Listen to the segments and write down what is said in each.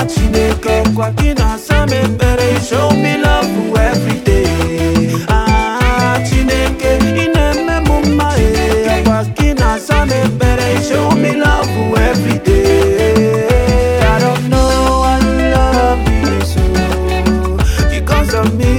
ụwa chineke ọkwa gị na-asa m show me love everyday ah chineke ị na-eme m mma ee ọkwa gị na show me love everyday I don't know I love you so because of me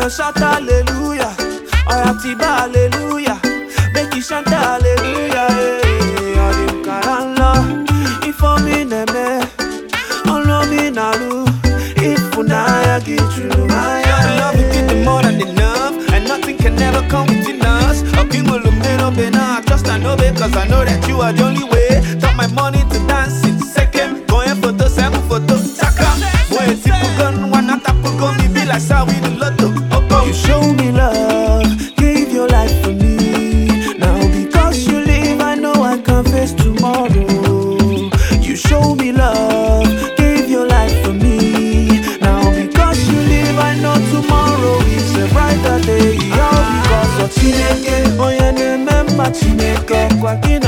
Oya shout Alleluia, Oya tiba Alleluia, Make you shout hallelujah. Hey, odim karala. Ifomi neme. Olomi nalu. Ifunaya gitru maya. Love you the more than enough, and nothing can ever come between us. Opingo lumero bena. I trust I know because I know that you are the only way. Turn my money to dancing. Second, going photo, seven photo. Saka, boy, simple gun, one attack, go me be like Sawi the lotto. aquí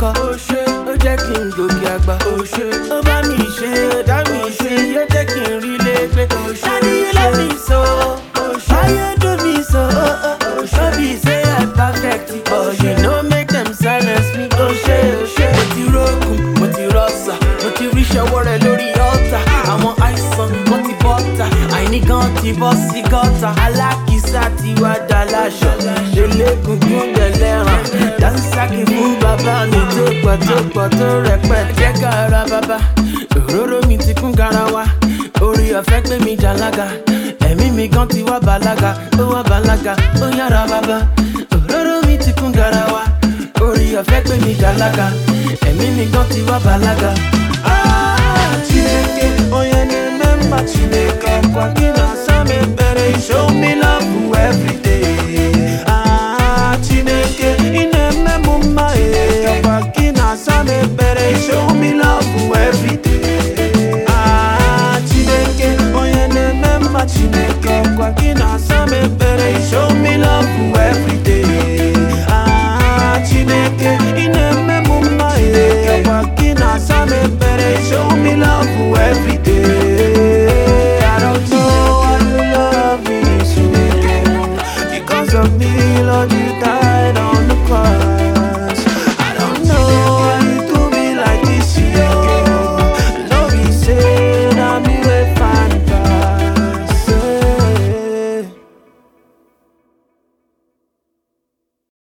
kọ́. ó ṣe ó jẹ́ kí n gòkè àgbà. ó ṣe ó bá mi ṣe ó dá mi ṣe ó jẹ́ kí n rí lé pé. ó ṣe ó ṣe ó ṣe ó ṣe ayé dùn mí so. ó ṣe ó bí ṣe I perfect but you no make them silence me. ó ṣe ó ṣe mo ti rókun mo ti rọ́ṣà mo ti ríṣẹ́ wọ́rẹ́ lórí ọ̀tà àwọn àìsàn wọ́n ti bọ́ta àìní gan ti bọ́ sí gọ́ta alákìísà ti wá dá láṣọ lélẹ́kùn kúndẹ̀ lẹ́ràn dáńsákì fún bàbá mi tó pọ̀ tó pọ̀ tó rẹpẹtẹ. jẹ́ ká ara bàbá òróró mi ti kún garawa orí ọ̀fẹ́ pé mi jàlága ẹ̀mí mi gan ti wá bàlága ó wá bàlága ó yára bàbá òróró mi ti kún garawa orí ọ̀fẹ́ pé mi jàlága ẹ̀mí mi gan ti wá bàlága. Ah, Chineke onye na-eme mma Chineke ọkwa gị na-asọ